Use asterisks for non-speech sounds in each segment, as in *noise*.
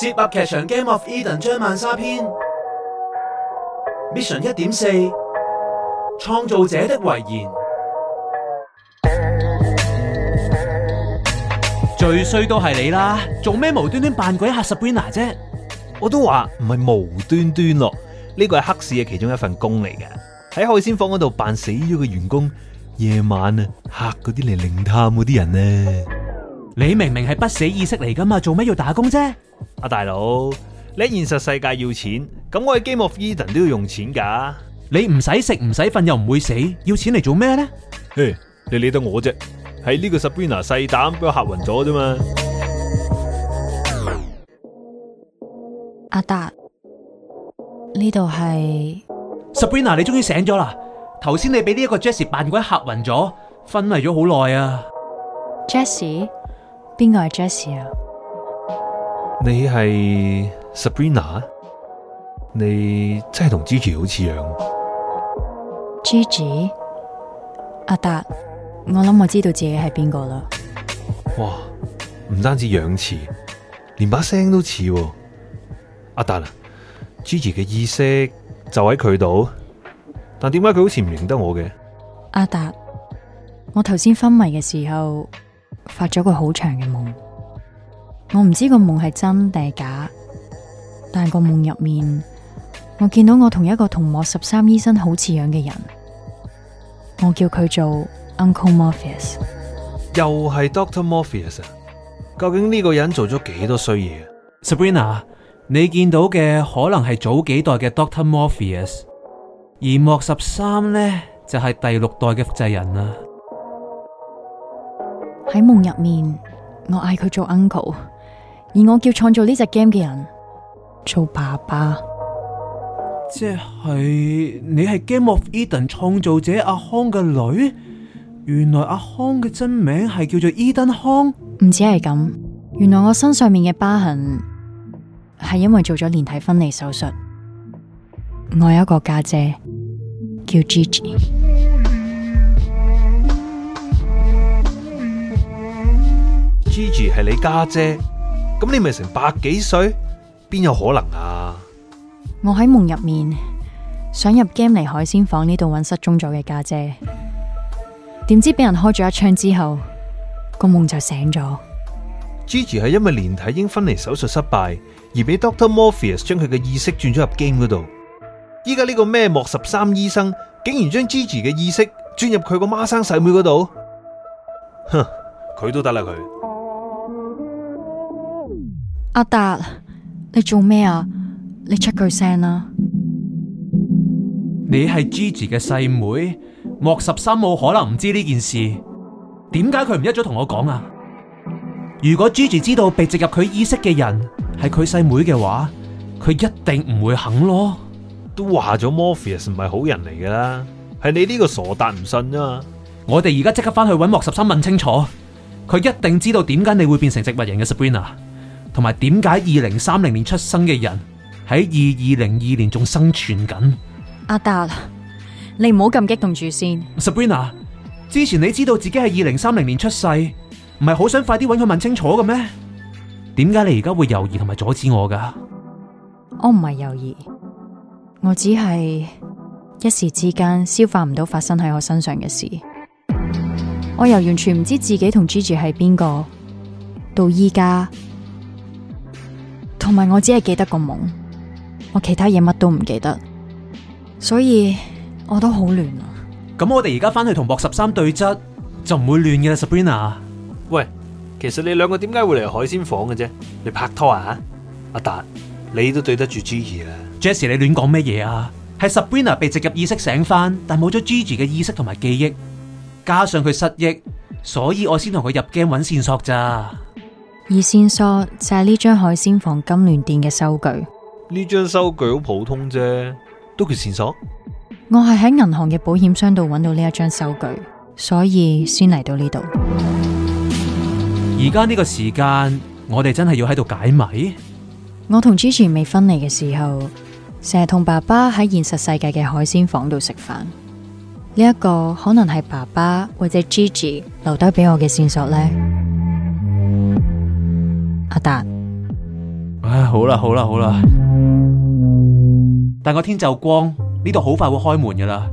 Zip 噏劇場 Game of Eden》張蔓莎篇 Mission 一點四，創造者的遺言。最衰都係你啦！做咩無端端扮鬼嚇 Sabrina 啫？我都話唔係無端端咯，呢個係黑市嘅其中一份工嚟嘅。喺海鮮舫嗰度扮死咗嘅員工，夜晚啊嚇嗰啲嚟靈探嗰啲人呢？你明明係不死意識嚟噶嘛？做咩要打工啫？阿、啊、大佬，你喺現實世界要錢，咁我喺 Game of Eden 都要用錢噶。你唔使食唔使瞓又唔會死，要錢嚟做咩呢？你理得我啫？係呢個 Sabrina 細膽俾我嚇暈咗啫嘛？阿、啊、達，呢度係 Sabrina，你終於醒咗啦！頭先你俾呢一個 Jesse 扮鬼嚇暈咗，昏迷咗好耐啊，Jesse。邊個係 Jesse 啊？你係 Sabrina？你真係同 Gigi 好似樣。Gigi，阿達，我諗我知道自己係邊個啦。哇，唔單止樣似，連把聲都似。阿達啊，Gigi 嘅意識就喺佢度，但點解佢好似唔認得我嘅？阿達，我頭先昏迷嘅時候發咗個好長嘅。我唔知個夢係真定假，但係個夢入面，我見到我同一個同莫十三醫生好似樣嘅人，我叫佢做 Uncle Morpheus。又係 Doctor Morpheus，究竟呢個人做咗幾多衰嘢？Sabrina，你見到嘅可能係早幾代嘅 Doctor Morpheus，而莫十三呢就係第六代嘅複製人啦。喺夢入面，我嗌佢做 Uncle。而我叫創造呢隻 game 嘅人做爸爸，即係你係 Game of Eden 創造者阿康嘅女，原來阿康嘅真名係叫做、e、Eden Hong。唔止係咁，原來我身上面嘅疤痕係因為做咗連體分離手術。我有一個家姐叫 Gigi，Gigi 係你家姐。咁你咪成百幾歲？邊有可能啊？我喺夢入面，想入 game 嚟海鮮舫呢度揾失蹤咗嘅家姐，點知俾人開咗一槍之後，個夢就醒咗。Gigi 係因為連體嬰分離手術失敗，而俾 Doctor Morpheus 將佢嘅意識轉咗入 game 嗰度。依家呢個咩莫十三醫生，竟然將 Gigi 嘅意識轉入佢個孖生細妹嗰度，哼，佢都得啦佢。阿達，你做咩啊？你出句聲啦！你係朱 i 嘅細妹，莫十三冇可能唔知呢件事。點解佢唔一早同我講啊？如果 g i 朱 i 知道被植入佢意識嘅人係佢細妹嘅話，佢一定唔會肯咯。都話咗，Morpheus 唔係好人嚟噶啦，係你呢個傻達唔信啫。我哋而家即刻翻去搵莫十三問清楚，佢一定知道點解你會變成植物人嘅 Sabrina。同埋點解二零三零年出生嘅人喺二二零二年仲生存緊？阿達，你唔好咁激動住先。Sabrina，之前你知道自己係二零三零年出世，唔係好想快啲揾佢問清楚嘅咩？點解你而家會猶豫同埋阻止我㗎？我唔係猶豫，我只係一時之間消化唔到發生喺我身上嘅事。我由完全唔知自己同 Gigi 係邊個，到依家。同埋我只係記得個夢，我其他嘢乜都唔記得，所以我都好亂啊。咁我哋而家返去同莫十三對質就唔會亂嘅啦，Sabrina。喂，其實你兩個點解會嚟海鮮舫嘅啫？你拍拖啊？阿達，你都對得住 Gigi 啦。Jesse，i 你亂講乜嘢啊？係 Sabrina 被植入意識醒返，但冇咗 Gigi 嘅意識同埋記憶，加上佢失憶，所以我先同佢入 Game 揾線索咋。而線索就係呢張海鮮舫金鑾殿嘅收據。呢張收據好普通啫，都叫線索。我係喺銀行嘅保險箱度搵到呢一張收據，所以先嚟到呢度。而家呢個時間，我哋真係要喺度解謎。我同 Gigi 未分離嘅時候，成日同爸爸喺現實世界嘅海鮮舫度食飯。呢一個可能係爸爸或者 Gigi 留低俾我嘅線索呢。阿達，唉，好啦好啦好啦，但個天就光，呢度好快會開門噶啦，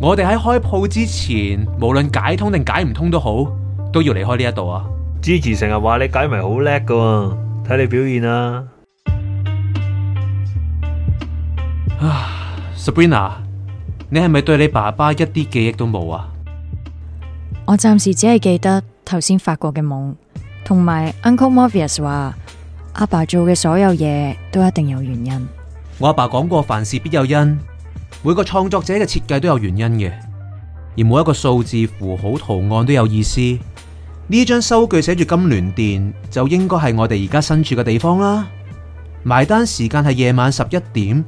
我哋喺開鋪之前，無論解通定解唔通都好，都要離開呢一度啊。Gigi 成日話你解謎好叻噶，睇你表現啊，啊，Sabrina，你係咪對你爸爸一啲記憶都冇啊？我暫時只係記得頭先發過嘅夢。同埋 Uncle Morpheus 話，阿爸，爸做嘅所有嘢都一定有原因。我阿爸講過，凡事必有因，每個創作者嘅設計都有原因嘅，而每一個數字、符號、圖案都有意思。呢張收據寫住金鑾殿就應該係我哋而家身處嘅地方啦。埋單時間係夜晚十一點，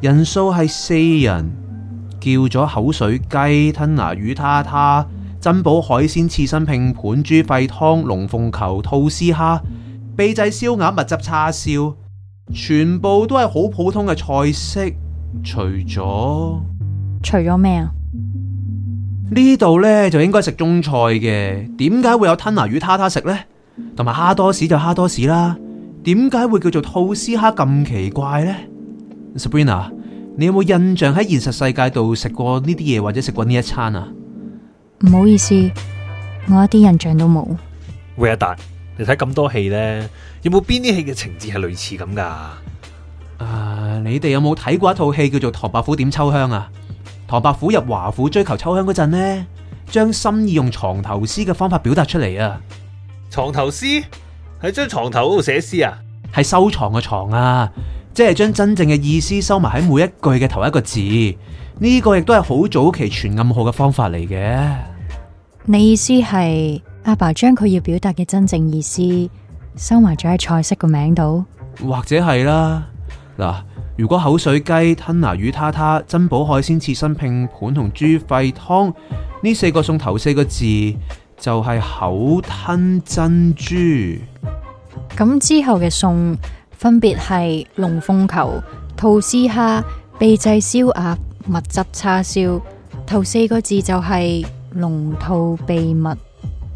人數係四人，叫咗口水雞、吞拿魚、他他。珍寶海鮮刺身拼盤、豬肺湯、龍鳳球、吐司蝦、秘製燒鴨、蜜汁叉燒，全部都係好普通嘅菜式。除咗，除咗咩啊？呢度呢，就應該食中菜嘅，點解會有吞拿魚他他食呢？同埋蝦多士就蝦多士啦，點解會叫做吐司蝦咁奇怪呢？Sabrina，你有冇印象喺現實世界度食過呢啲嘢，或者食過呢一餐啊？唔好意思，我一啲印象都冇。喂，阿達，你睇咁多戲呢，有冇邊啲戲嘅情節係類似咁噶？啊，uh, 你哋有冇睇過一套戲叫做《唐伯虎點秋香》啊？唐伯虎入華府追求秋香嗰陣呢，將心意用床頭詩嘅方法表達出嚟啊！床頭詩，喺張床頭度寫詩啊？係收藏嘅藏啊，即係將真正嘅意思收埋喺每一句嘅頭一個字。呢個亦都係好早期傳暗號嘅方法嚟嘅。你意思係阿爸將佢要表達嘅真正意思，收埋咗喺菜式個名度，或者係啦。嗱，如果口水雞、吞拿魚、他他、珍寶海鮮刺身拼盤同豬肺湯呢四個餸頭四個字就係、是、口吞珍珠，咁之後嘅餸分別係龍鳳球、吐司蝦、秘製燒鴨、蜜汁叉燒，頭四個字就係、是。龍吐秘密，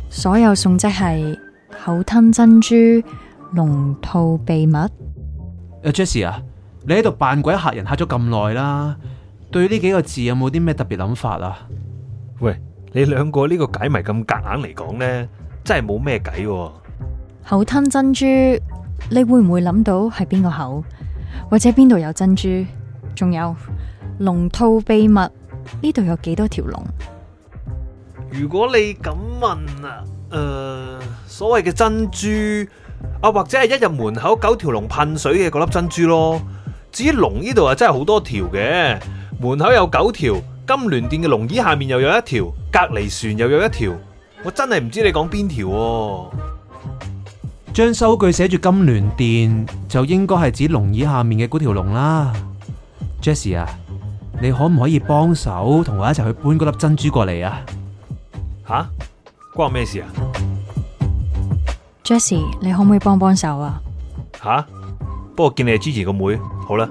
所有餸即係口吞珍珠。龍吐秘密，阿 Jesse 啊，你喺度扮鬼嚇人嚇咗咁耐啦，對呢幾個字有冇啲咩特別諗法啊？喂，你兩個呢個解謎咁夾硬嚟講咧，真係冇咩計。口吞珍珠，你會唔會諗到係邊個口，或者邊度有珍珠？仲有龍吐秘密呢度有幾多條龍？如果你咁問啊，誒、呃，所謂嘅珍珠啊，或者係一入門口九條龍噴水嘅嗰粒珍珠咯。至於龍呢度啊，真係好多條嘅，門口有九條，金鑾殿嘅龍椅下面又有一條，隔籬船又有一條，我真係唔知你講邊條。張收據寫住金鑾殿就應該係指龍椅下面嘅嗰條龍啦。Jesse 啊，你可唔可以幫手同我一齊去搬嗰粒珍珠過嚟？啊吓、啊？關我咩事啊？Jesse，你可唔可以幫幫手啊？吓、啊？不過見你係 Gigi 個妹，好啦。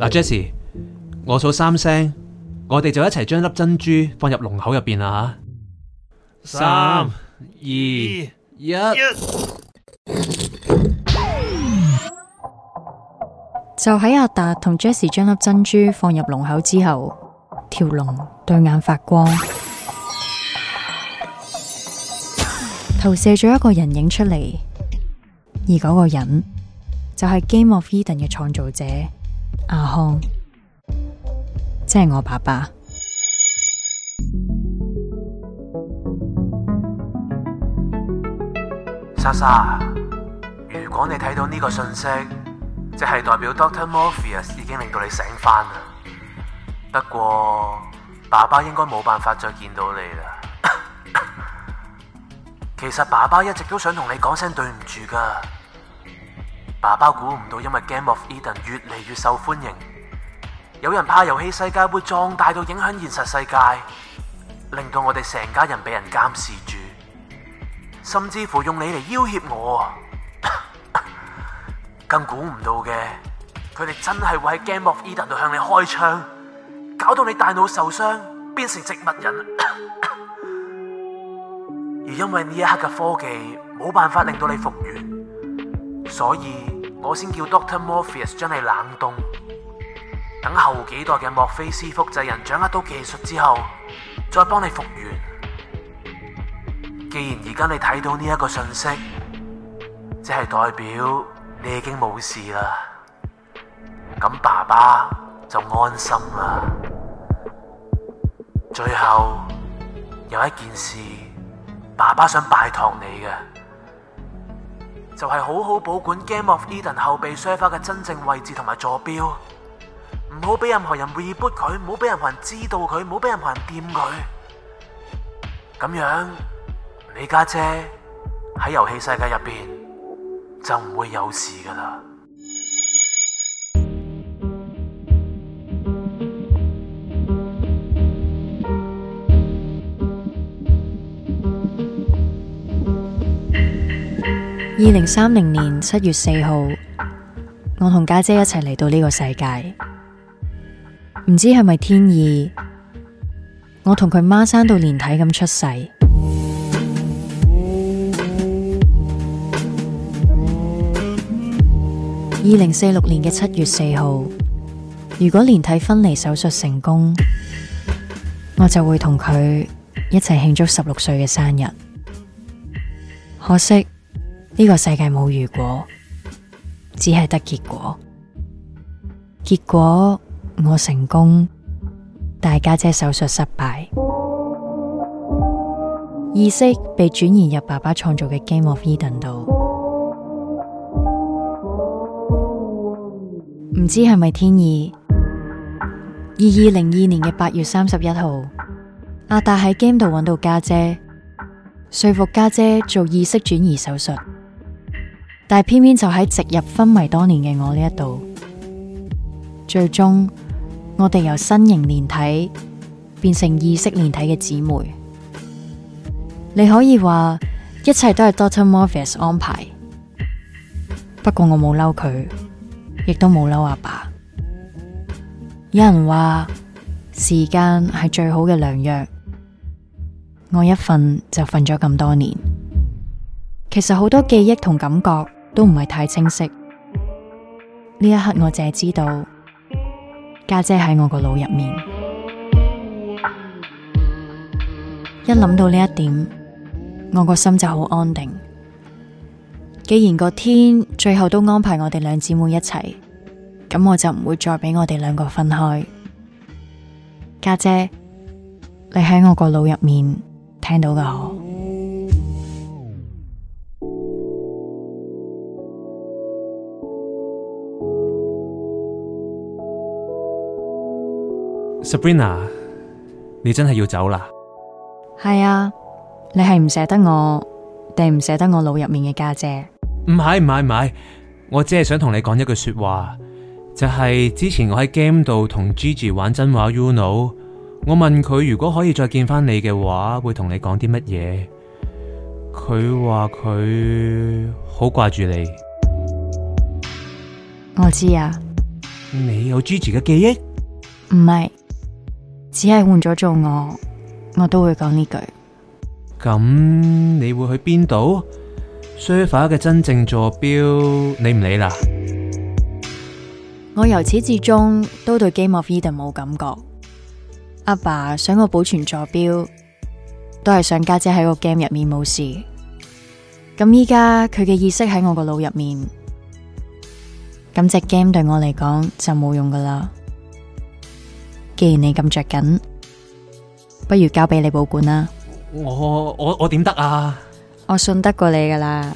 嗱、啊，Jesse，我數三聲，我哋就一齊將粒珍珠放入龍口入邊啦。吓？三、二、一。就喺阿達同 Jesse 將粒珍珠放入龍口之後，條龍對眼發光，投射咗一個人影出嚟，而嗰個人就係 Game of Eden 嘅創造者阿康，即係我爸爸。莎莎，如果你睇到呢個信息，即係代表 Doctor Morpheus 已經令到你醒翻啦，不過爸爸應該冇辦法再見到你啦。 *laughs* 其實爸爸一直都想同你講聲對唔住噶，爸爸估唔到因為 Game of Eden 越嚟越受歡迎，有人怕遊戲世界會壯大到影響現實世界，令到我哋成家人俾人監視住，甚至乎用你嚟要挾我啊！更估唔到嘅，佢哋真係會喺 Game of Eden 度向你開槍，搞到你大腦受傷，變成植物人。 *coughs* 而因為呢一刻嘅科技冇辦法令到你復原，所以我先叫 Doctor Morpheus 將你冷凍，等後幾代嘅莫菲斯複製人掌握到技術之後，再幫你復原。既然而家你睇到呢一個信息，即係代表……你已經冇事啦，咁爸爸就安心啦。最後有一件事，爸爸想拜託你嘅，就係好好保管《Game of Eden》後備 server 嘅真正位置同埋坐標，唔好俾任何人 reboot 佢，唔好俾任何人知道佢，唔好俾任何人掂佢。咁樣，你家姐喺遊戲世界入邊就唔會有事噶啦。二零三零年七月四號，我同家姐一齊嚟到呢個世界，唔知係咪天意，我同佢媽生到連體咁出世。二零四六年嘅七月四號，如果連體分離手術成功，我就會同佢一齊慶祝十六歲嘅生日。可惜呢個世界冇如果，只係得結果。結果我成功，大家姐手術失敗，意識被轉移入爸爸創造嘅 Game of Eden 度。唔知係咪天意？二二零二年嘅八月三十一號，阿達喺 game 度揾到家姐，說服家姐做意識轉移手術，但偏偏就喺植入昏迷多年嘅我呢一度，最終我哋由身形連體變成意識連體嘅姊妹。你可以話一切都係 Doctor Morpheus 安排，不過我冇嬲佢。亦都冇嬲阿爸，爸。有人話時間係最好嘅良藥，我一瞓，就瞓咗咁多年。其實好多記憶同感覺都唔係太清晰。呢一刻我淨係知道家姐喺我個腦入面。一諗到呢一點，我個心就好安定。既然個天最後都安排我哋兩姊妹一齊，咁我就唔會再俾我哋兩個分開。家姐，你喺我個腦入面聽到㗎。Sabrina，你真係要走啦？係啊，你係唔捨得我，定唔捨得我腦入面嘅家姐？唔係唔係唔係，我只係想同你講一句說話，就係之前我喺 game 度同 Gigi 玩真話 Uno，you know, 我問佢如果可以再見翻你嘅話，會同你講啲乜嘢？佢話佢好掛住你。我知啊，你有 Gigi 嘅記憶？唔係，只係換咗做我，我都會講呢句。咁你會去邊度？Server 嘅真正坐標，你唔理啦。我由始至終都對 Game of Eden 冇感覺。阿爸，想我保存坐標，都係想家姐喺個 game 入面冇事。咁依家佢嘅意識喺我個腦入面，咁隻 game 對我嚟講就冇用噶啦。既然你咁着緊，不如交俾你保管啦。我我我點得啊？我信得過你噶啦。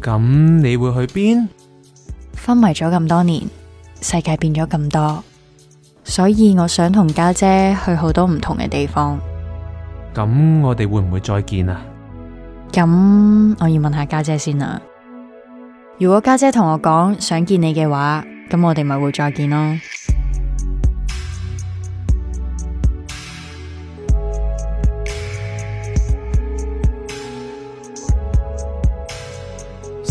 咁你會去邊？昏迷咗咁多年，世界變咗咁多，所以我想同家姐去好多唔同嘅地方。咁我哋會唔會再見啊？咁我要問下家姐先啦。如果家姐同我講想見你嘅話，咁我哋咪會再見咯。